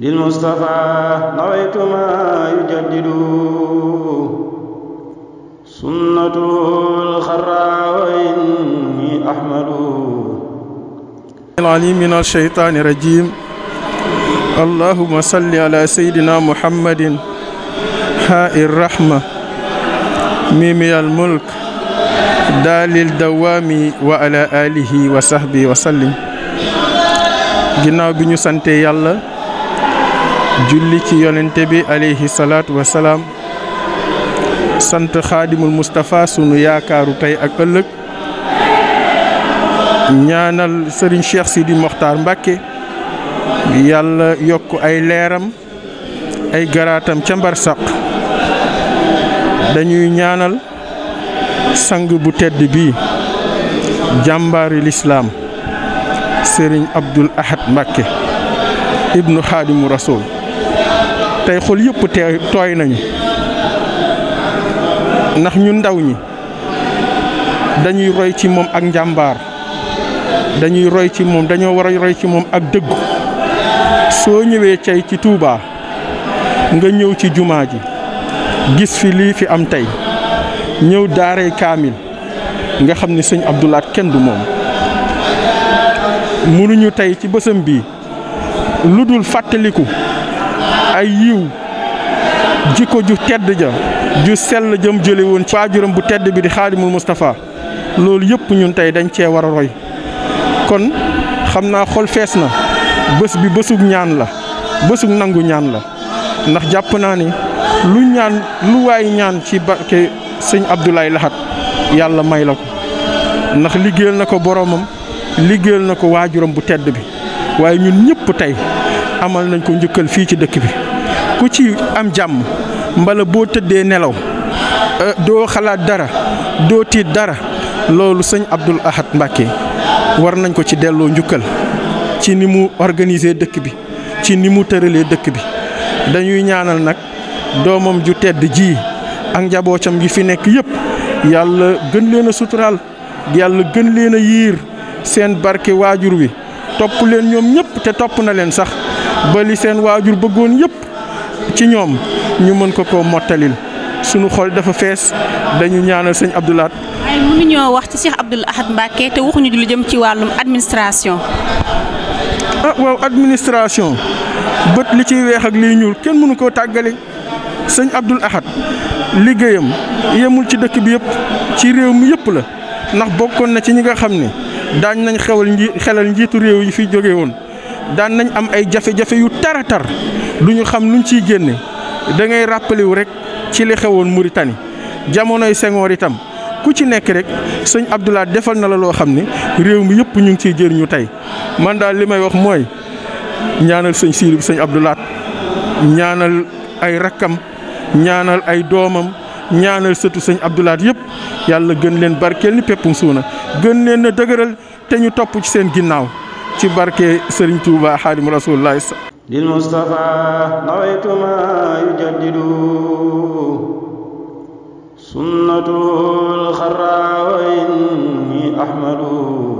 للمصطفى نويت ما يجدد سنة الخرى وإني أحمد العليم من الشيطان الرجيم اللهم صل على سيدنا محمد حاء الرحمة ميمي الملك دال الدوام وعلى آله وصحبه وسلم جناب بن سنتي الله julli ci yonente bi alayhi wa salam sant khadimul Mustafa sunu yaakaaru tay ak euleuk ñaanal serigne cheikh sidi mokhtar mbàkke yalla yokku ay leram ay ci mbar sax dañuy ñaanal sang bu tedd bi jambar l'islam serigne abdul ahad mbake ibnu Hadi rasul tey xol yëpp tooy nañu ndax ñu ndaw ñi dañuy roy ci moom ak njàmbaar dañuy roy ci moom dañoo war a roy ci moom ak dëggu soo ñëwee cay ci Touba nga ñëw ci jumaa ji gis fi lii fi am tey ñëw daaray kaamil nga xam ni sëñ Abdoulaat kenn du moom mënuñu tey ci bësam bi lu dul fàttaliku ay yiw jikko ju tedd ja ju sell jëm jële woon ci waajuram bu tedd bi di xaadimul Moustapha loolu yëpp ñun tey dañ cee war a roy kon xam naa xol fees na bés bi bésug ñaan la bésug nangu ñaan la ndax jàpp naa ni lu ñaan lu waay ñaan ci barke sëñ Abdoulaye laxat yàlla may la ko ndax liggéeyal na ko boroomam liggéeyal na ko waajuram bu tedd bi waaye ñun ñëpp tey amal nañ ko njukkal fii ci dëkk bi ku ci am jàmm mbala boo tëddee nelaw euh, doo xalaat dara doo tiit dara loolu sëñ Abdoul Ahad Mbacké war nañ ko ci delloo njukkal ci ni mu organiser dëkk bi ci ni mu tëralee dëkk bi dañuy ñaanal nag doomam ju tedd ji ak njabootam gi fi nekk yépp yàlla gën leen a suturaal yàlla gën leen a yiir seen barke waajur wi topp leen ñoom ñépp te topp na leen sax ba li seen waajur bëggoon yëpp ci ñoom ñu mën ko koo mottalil suñu xol dafa fees dañu ñaanal sëñ Abdou Lahad. waaye mënuñoo wax ci Cheikh Abdoul Ahad Mbacké te waxuñu lu jëm ci wàllum administration. ah waaw administration bët li ciy weex ak liy ñuul kenn mënu koo tàggale sëñ Abdoul Ahad liggéeyam yemul ci dëkk bi yëpp ci réew mi yëpp la ndax bokkoon na ci ñi nga xam ne daan nañ xewal xelal njiitu réew yi fi jóge woon. daan nañ am ay jafe-jafe yu tara tar du ñu xam nuñ ciy génne da ngay rappelé wu rek ci li xewoon Mauritanie jamonoy Senghor itam ku ci nekk rek sëñ Abdoulaye defal na la loo xam ne réew mi yëpp ñu ngi ciy jëriñu tey man daal li may wax mooy ñaanal sëñ Siidi sëñ Abdoulaye ñaanal ay rakkam ñaanal ay doomam ñaanal sëtu sëñ Abdoulaye yëpp yàlla gën leen barkeel ni peppum suuna gën leen a dëgëral te ñu topp ci seen ginnaaw. ci barke Serigne Touba xaadim rasulullah lil Mustafa nawaytuma yujaddidu sunnatul xarra wa inni ahmadu